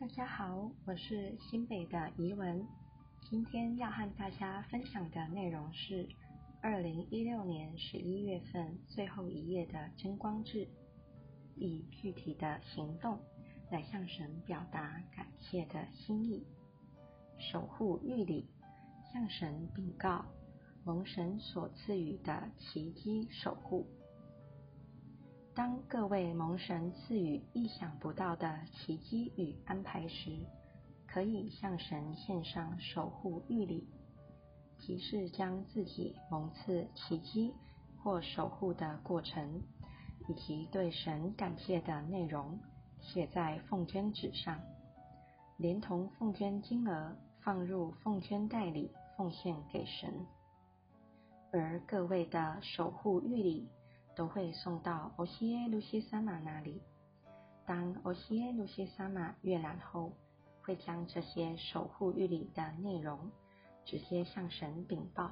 大家好，我是新北的怡妏。今天要和大家分享的內容是二零一六年十一月份最後一頁的真光誌，以具體的行動來向神表達感謝的心意，守護御禮，向神禀告蒙神所賜予的奇跡守護。當各位蒙神賜予意想不到的奇蹟與安排時，可以向神獻上守護御禮，即是將自己蒙賜奇蹟或守護的過程，以及對神感謝的內容寫在奉捐紙上，連同奉捐金額放入奉捐袋裡奉獻給神，而各位的守護御禮。都會送到歐西耶路西薩瑪那裡。當歐西耶路西薩瑪閱覽後，會將這些守護御禮的內容直接向神稟報。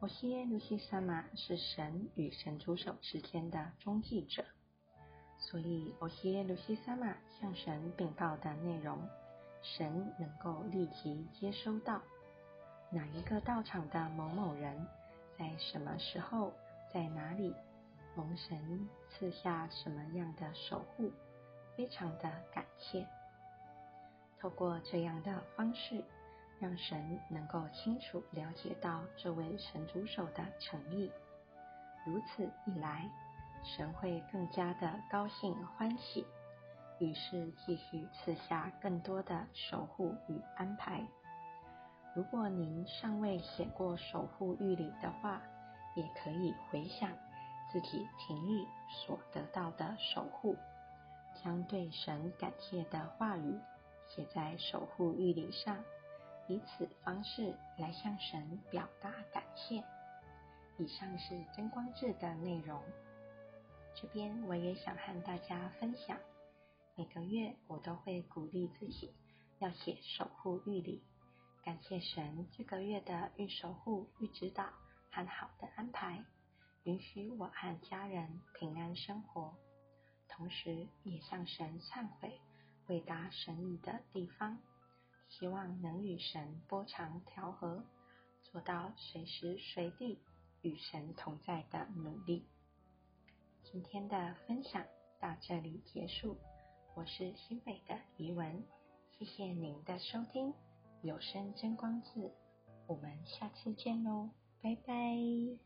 歐西耶路西薩瑪是神與神主手之間的中繼者，所以歐西耶路西薩瑪向神稟報的內容，神能夠立即接收到哪一個道場的某某人，在什麼時候，在哪裡。從神賜下什麼樣的守護，非常的感謝。透過這樣的方式，讓神能夠清楚了解到這位神組手的誠意。如此一來，神會更加的高興歡喜，於是繼續賜下更多的守護與安排。如果您尚未寫過守護御禮的話，也可以回想。自己今日所得到的守護，將對神感謝的話語寫在守護御禮上，以此方式來向神表達感謝。以上是真光誌的內容。這邊我也想和大家分享，每個月我都會鼓勵自己要寫守護御禮，感謝神這個月的御守護、御指導和好的安排。允許我和家人平安生活，同時也向神懺悔，偉大神意的地方，希望能與神波長調和，做到隨時隨地與神同在的努力。今天的分享到這裡結束，我是新北的怡妏，謝謝您的收聽，有聲真光誌，我們下次見嘍，拜拜。